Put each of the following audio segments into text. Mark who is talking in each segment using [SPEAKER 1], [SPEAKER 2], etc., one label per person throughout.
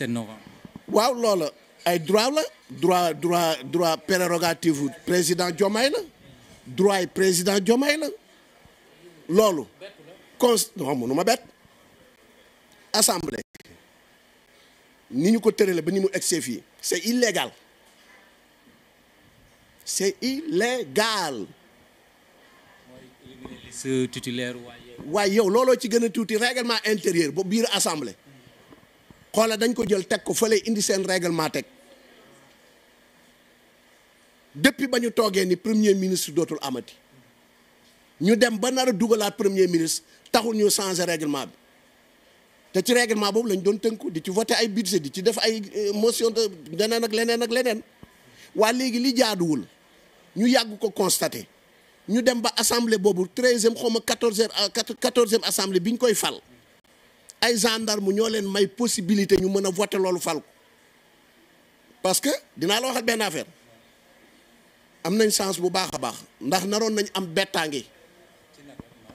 [SPEAKER 1] 7 novembre. waaw loola ay droit la. droit droit droit prérogative président Diomaye la droit yi président Diomaye la loolu. cons nu ma bet assemblée. ni ñu ko tëralee ba ni mu egsee fii c'est illégal c'est illégal.
[SPEAKER 2] mooy titulaire waaye.
[SPEAKER 1] waaye yow looloo ci gën a tuuti règlement intérieur ba biir assemblée. xoola dañ ko jël teg ko fële indi seen réglement teg depuis ba ñu toogee ni premier ministre dootul amati ñu dem ba nar a dugalaat premier ministre taxul ñu changer règlement bi te ci règlement boobu lañ doon tënku di ci voté ay budget di ci def ay euh, motion de leneen ak leneen ak leneen waa léegi li jaaduwul ñu yàgg ko constaté ñu dem ba assemblée boobu treizième xaw ma quatorzième euh, quatorzième assemblée bi ñu koy fal ay gendarme ñoo leen may possibilité ñu mën a voter loolu fal ko parce que dinaa la waxal benn affaire am nañ chance bu baax a baax ndax naroon nañ am bettaange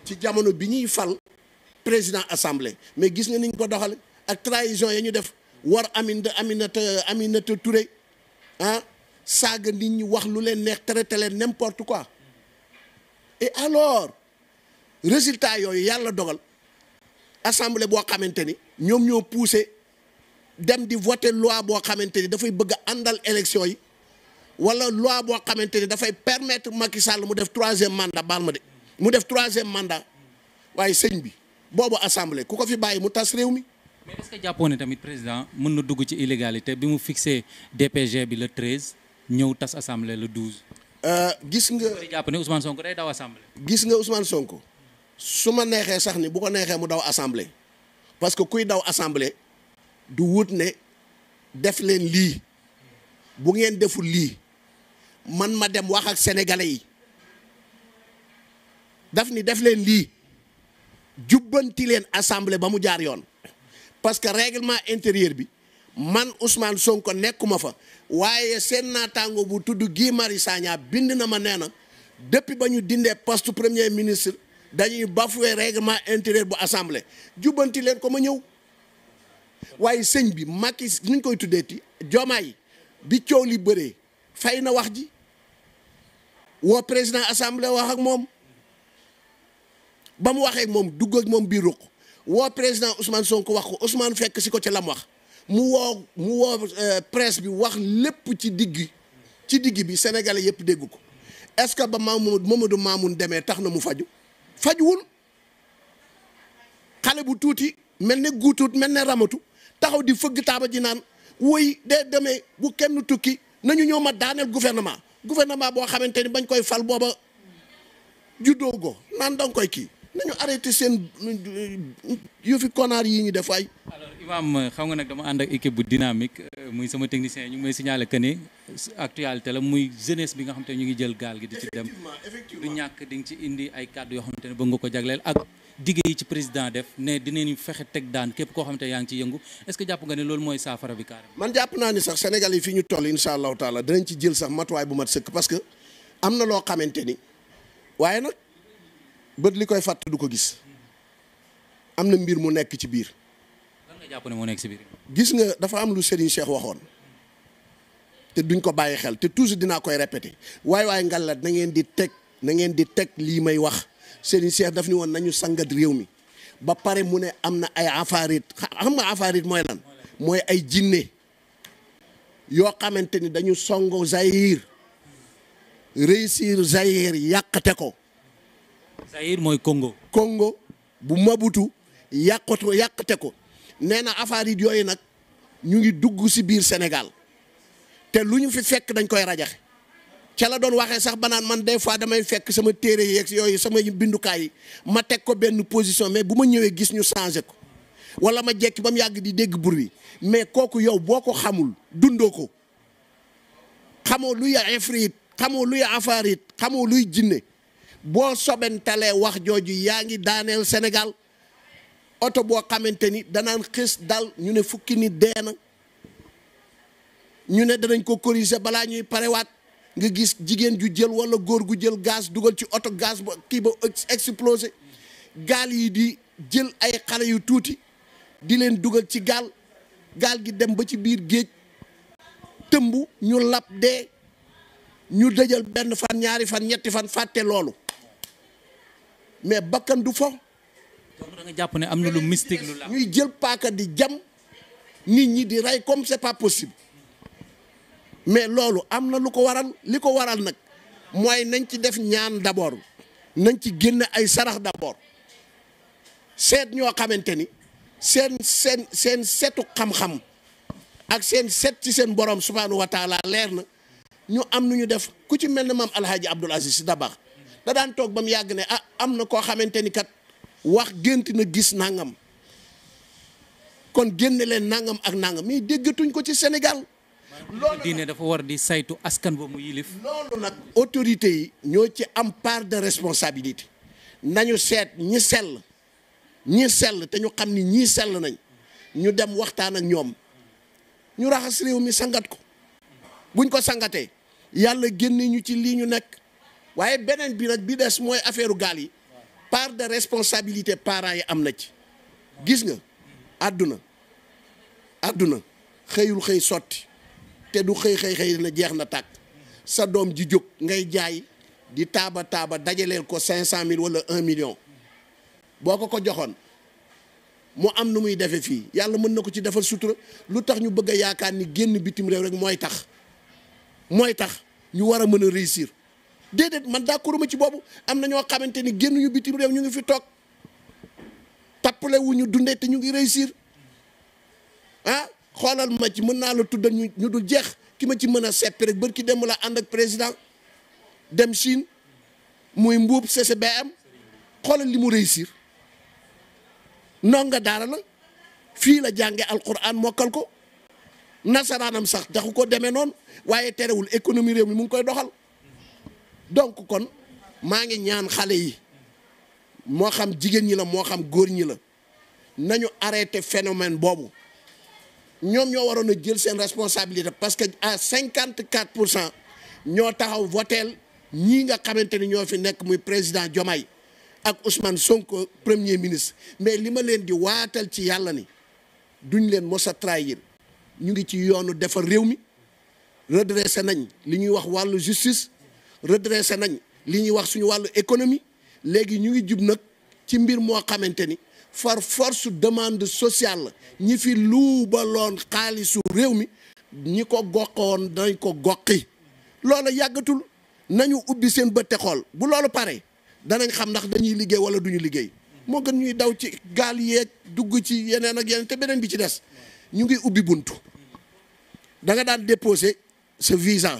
[SPEAKER 1] ci jamono bi ñuy fal président assemblée mais gis nga ni ñu ko doxale ak trahison ya ñu def war ami Aminata Aminata Touré ah saaga nit ñu wax lu leen neex traité leen n'importe quoi et alors résultat yooyu yàlla dogal. assemblée boo xamante ni ñoom ñoo poussé dem di voter loi boo xamante ni dafay bëgg a àndal élection yi wala loi boo xamante ni dafay permettre Macky Sall mu def troisième mandat baal ma de mu def troisième mandat waaye sëñ bi boobu assemblée ku ko fi bàyyi mu tas réew mi.
[SPEAKER 2] mais ne tamit président mën na dugg ci illégalité bi mu fixé DPG bi le 13 ñëw tas assemblée le 12.
[SPEAKER 1] Euh, gis nga. jàpp ne Ousmane
[SPEAKER 2] Sonko day daw assemblée.
[SPEAKER 1] gis nga Ousmane Sonko. su ma neexee sax ni bu ko neexee mu daw assemblée parce que kuy daw assemblée du wut ne def leen lii bu ngeen deful lii man ma dem wax ak sénégalais yi daf ni def leen lii jubbanti leen assemblée ba mu jaar yoon parce que règlement intérieur bi man Ousmane Sonko nekkuma fa waaye seen naataango bu tudd Guy Marius Sagna bind na ma nee na depuis ba ñu dindee poste premier ministre dañuy bafoué règlement intérieur bu assemblée jubbanti leen ko ma ñëw waaye sëñ bi Macky nuñ koy tuddeeti Diomaye bi coow li bëree fay na wax ji woo président assemblée wax ak moom ba mu waxee ak moom dugg moom biir ruq woo président Ousmane Sonko wax ko Ousmane fekk si ko ci lam wax mu woo mu woo euh, presse bi wax lépp ci digg ci digg bi sénégalais yëpp dégg ko est-ce que ba Mamadou Mamadou Mamoun demee tax na mu faju fajwul xale bu tuuti mel ne guutut mel ne ramatu taxaw di fëgg taaba ji naan woy dee demee bu kenn tukki nañu ñëw ma daaneel gouvernement gouvernement boo xamante ni bañ koy fal booba juddoo go naan danga koy kii nañu arrêté seen euh, yëfi konaar yi ñu def ay
[SPEAKER 2] alors Imaam xam nga nag dama ànd ak équipe bu dynamique euh, muy sama technicien ñu may signaler que ni actualité la muy jeunesse bi nga xam ne ñu ngi jël gaal gi di ci dem du ñàkk di nga ci indi ay kàddu yoo xam te ne bëgg nga ko jagleel ak digg yi ci président def ne dinañu fexe teg daan képp koo xam te yaa ngi ci yëngu est-ce que jàpp nga ne loolu mooy saafara bi carrément
[SPEAKER 1] man jàpp naa ni sax Sénégal yi fi ñu toll insha allahu taala dinañ ci jël que am na loo xamante ni bët li koy fàtte du ko gis am na mbir mu nekk ci biir.
[SPEAKER 2] jàpp ne moo nekk ci biir.
[SPEAKER 1] gis nga dafa am lu Serigne Cheikh waxoon te duñ ko bàyyi xel te toujours dinaa koy répéter waaye waaye ngalla na ngeen di teg na ngeen di teg lii may wax Serigne Cheikh daf ni woon nañu sangat réew mi ba pare mu ne am na ay afaarit xam nga afaarit mooy lan mooy ay jinne yoo xamante ni dañu songo Zaïre réussir Zaïre yàqate ko.
[SPEAKER 2] Zaïre mooy Congo.
[SPEAKER 1] Congo bu Mabutu yàqatu yàqate ko nee na affaire yooyu nag ñu ngi dugg si biir Sénégal te lu ñu fi fekk dañ koy rajax ca la doon waxee sax ba naan man des fois damay fekk sama téere yeeg yooyu sama bindukaay ma teg ko benn position mais bu ma ñëwee gis ñu changé ko wala ma jekki ba mu yàgg di dégg bruit mais kooku yow boo ko xamul dundoo ko xamoo luy afrit xamoo luy afarit xamoo luy jinne boo sobentalee wax jooju yaa ngi daaneel Sénégal oto boo xamante ni danaan xës dal ñu ne fukki nit dee na ñu ne danañ ko corriger balaa ñuy parewaat nga gis jigéen ju jël walla góor gu jël gaz dugal ci oto gaz ba kii ba explosé gaal yi di jël ay xale yu tuuti di leen dugal ci gaal gaal gi dem ba ci biir géej tëmb ñu lab dee ñu dëjal benn fan ñaari fan ñetti fan fàtte loolu mais bakkan du fo. nga jàpp ne am na lu mystique lu la. ñuy jël paaka di jam nit ñi di rey comme c'est pas possible mais loolu am na lu ko waral li ko waral nag mooy nañ ci def ñaan d'abord nañ ci génne ay sarax d'abord seet ñoo xamante ni seen seen seen seetu xam-xam ak seen set ci seen borom subhaanahu wa leer na ñu am nu ñu def ku ci mel ne maam Alhaji Abdoul Aziz Sy Dabakh da daan toog ba mu yàgg ne ah am na koo xamante ni kat wax gént na gis nangam kon génne leen nangam ak nangam mais déggatuñ ko ci Sénégal. loolu diine dafa war di saytu askan ba yilif. loolu nag autorité yi ñoo ci am part de responsabilité nañu seet ñi sell ñi sell te ñu xam ni ñii sel nañ ñu dem waxtaan ak ñoom ñu raxas réew mi sangat ko buñ ko sangatee yàlla génne ñu ci lii ñu nekk. waaye beneen bi nag bi des mooy affaire gaal yi par de responsabilité parent yi am na ci gis nga àdduna àdduna xëyul xëy sotti te du xëy xëy xëy na jeex na tàkk sa doom ji jóg ngay jaay di taaba taaba dajaleel ko cinq cent mille wala un million boo ko ko joxoon mu am nu muy defe fii yàlla mën na ko ci defal sutura lu tax ñu bëgg a yaakaar ni génn bitim réew rek mooy tax mooy tax ñu war a mën a réussir déedéet man d'accord ma ci boobu am na ñoo xamante ni génn génnuñu bitim réew ñu ngi fi toog tappale wu ñu dundee te ñu ngi réussir ah xoolal ma ci mën naa la tuddal ñu ñu dul jeex ki ma ci mën a seppi rek bër ki dem la ànd ak président dem Chine muy mbuub CCBM xoolal li mu réussir ndongo daara la fii la jànge alquran mokkal ko nasaraanam sax taxu ko demee noonu waaye terewul économie réew mi mu ngi koy doxal donc kon maa ngi ñaan xale yi moo xam jigéen ñi la moo xam góor ñi la nañu arrêté phénomène boobu ñoom ñoo waroon a jël seen responsabilité parce que à cinquante quatre pour cent ñoo taxaw votel ñii nga xamante ni ñoo fi nekk muy président Diomaye ak Ousmane Sonko premier ministre mais li ma leen di waatal ci yàlla ni duñ leen mos a trahir ñu ngi ci yoonu defar réew mi redressé nañ li ñuy wax wàllu justice redressé nañ li ñuy wax suñu wàllu économie léegi ñu ngi jub nag ci mbir moo xamante ni far force demande sociale la ñi fi luubaloon xaalisu réew mi ñi ko goxoon dañ ko goqi loola yàggatul nañu ubbi seen bët te xool bu loolu pare danañ xam ndax dañuy liggéey wala duñu liggéey moo gën ñuy daw ci gaal yeeg dugg ci yeneen ak yeneen te beneen bi ci des ñu ngi ubbi buntu da nga daan déposer sa visa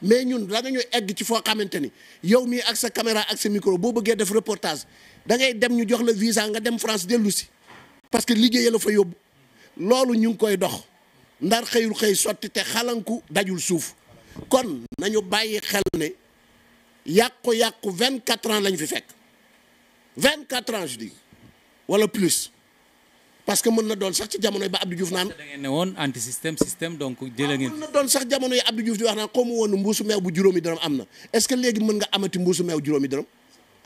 [SPEAKER 1] mais ñun la nga ñu egg ci foo xamante ni yow mii ak sa caméra ak sa micro boo bëggee def reportage da ngay dem ñu jox la visa nga dem France dellu si parce que liggéey la fa yóbbu loolu ñu ngi koy dox ndar xëyul xëy sotti te xalanku dajul suuf kon nañu bàyyi xel ne yàqu-yàqu vingt quatre ans lañ fi fekk vingt quatre ans je wala plus parce que mën na doon sax ci jamono yi ba Abdou Diouf naan. da woon anti système système donc ah, mën na doon sax jamono yi Abdou Diouf di wax naan xaw ma woon mbuusu meew bu juróomi dërëm am na est ce que léegi mën nga amati mbuusu meew juróomi dërëm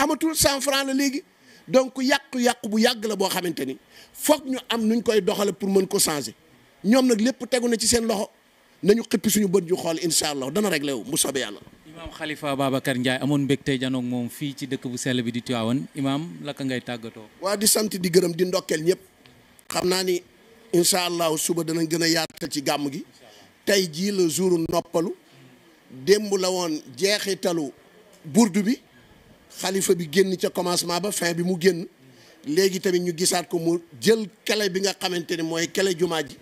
[SPEAKER 1] amatul cent franc la léegi donc yàqu-yàqu bu yàgg la boo xamante ni foog ñu am nuñ koy doxale pour mën ko changer ñoom nag lépp tegu na ci seen loxo nañu xëppi suñu bët yu xool incha allah dana réglé wu bu soobee yàlla.
[SPEAKER 2] imaam Khalifa Babacar Ndiaye amoon mbégte janoog moom fii ci dëkk bu sell bi di Tivaouane imaam laka ngay tàggatoo.
[SPEAKER 1] waa di sant di gërëm di ndokkeel ñëpp xam naa ni incha allahu suba danañ gën a yaatal ci gàmm gi tey jii la jour noppalu démb la woon jeexitalu burdu bi xalifa bi génn ca commencement ba fin bi mu génn léegi tamit ñu gisaat ko mu jël kele bi nga xamante ni mooy kele jumaa ji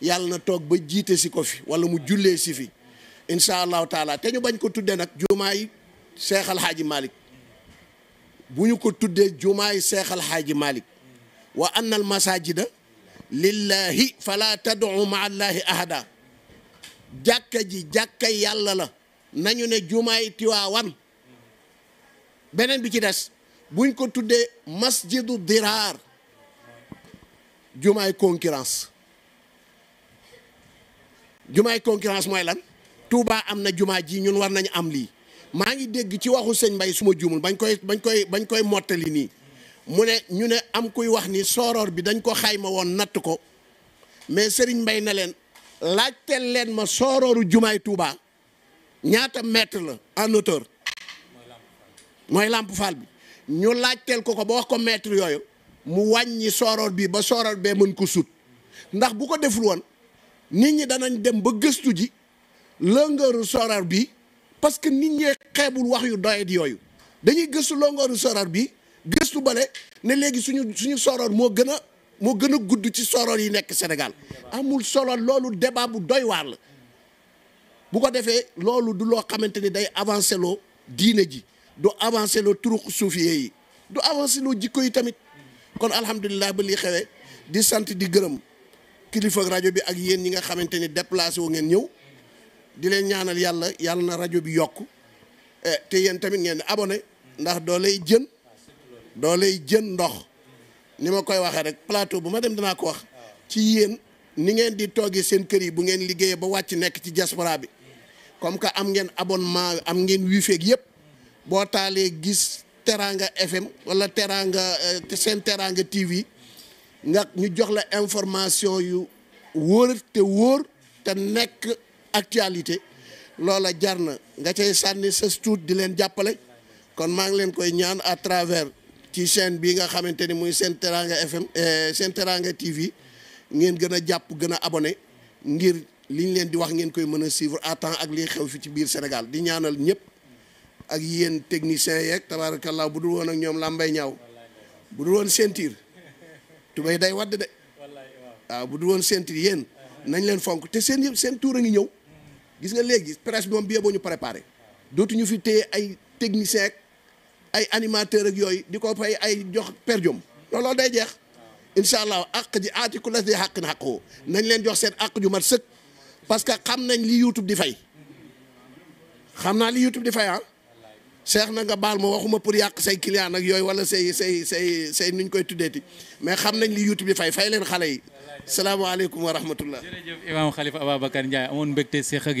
[SPEAKER 1] yàlla na toog ba jiite si ko fi wala mu jullee si fi incha allahu taala te ñu bañ ko tuddee nag jumaa yi seexal xaaji malik buñu ko tuddee jumaa yi seexal xaaji malik wa anna al masajida lillahi fala tad'u ma'a allahi ahada jàkka ji jàkka yàlla la nañu ne jumaay tiwaawan beneen bi ci des buñ ko tuddee masjidu diraar jumaay concurrence jumaay concurrence mooy lan Touba am na jumaa ji ñun war nañu am lii maa ngi dégg ci waxu sëñ Mbay suma juumul bañ koy bañ bañ koy mottali nii mu ne ñu ne am kuy wax ni soroor bi dañ ko xayma woon natt ko mais Serigne Mbaye na leen laajteel leen ma soorooru jumaay Touba ñaata mètre la en hauteur mooy Lamp Fall bi ñu laajteel ko ko ba wax ko mètre yooyu mu wàññi sooroor bi ba sooroor bee mën ko sut ndax bu ko deful woon nit ñi danañ dem ba gëstu ji longeeru sooroor bi parce que nit ñee xeebul wax yu doyet yooyu dañuy gëstu longeeru sooroor bi gëstu bale ne léegi suñu suñu soroor moo gën a moo gën a gudd ci soroor yi nekk Sénégal amul solo loolu débat bu doy waar la bu ko defee loolu du loo xamante ni day avancé loo diine ji du avancé loo turuq suufiyee yi du avancé loo jikko yi tamit kon alhamdulilah ba lii xewee di sant di gërëm kilifa rajo bi ak yéen ñi nga xamante ni déplacé wu ngeen ñëw di leen ñaanal yàlla yàlla na rajo bi yokk eh, te yéen tamit ngeen abonné ndax doo lay jën doo lay jën ndox ni ma koy waxee rek plateau bu ma dem dinaa ko wax ci yéen ni ngeen di toogee seen kër yi bu ngeen liggéeyee ba wàcc nekk ci diaspora bi comme que am ngeen abon abonnement am ngeen wifi ak yëpp boo taalee gis teraanga FM wala Teranga euh, seen Teranga TV nga ñu jox la information yu wóor te wóor te nekk actualité loola jar na nga cay sànni sa tuut di leen jàppale kon maa ngi leen koy ñaan à travers ci chaîne bi nga xamante ni muy Sen Teranga FM eh, Sen Teranga TV ngeen gën a jàpp gën a abonné ngir liñ leen di wax ngeen koy mën a suivre à temps ak liy xew fi ci biir Sénégal di ñaanal ñëpp ak yéen techniciens yeeg tabaarakallaa bu dul woon ak ñoom làmbay ñaaw bu dul woon sentir tubay day wadd de waaw bu dul woon sentir yéen nañ leen fonk te seen yëpp seen tuur a ngi ñëw gis nga léegi presse bi moom bi yeboo ñu préparé dootuñu fi téye ay technicien ay animateur ak yooyu di ko fay ay jox per diem looloo day jeex incha allah àq ji aati ku la di xàq nañ leen jox seen àq ju mat sëkk parce que xam nañ li YouTube di fay xam naa li YouTube di fay ah seex na nga baal ma waxuma pour yàq say client ak yooyu wala say say say say nuñ koy tuddee ti mais xam nañ li YouTube di fay fay leen xale yi salaamaaleykum wa rahmatullah. jërëjëf
[SPEAKER 2] Imam Khalifa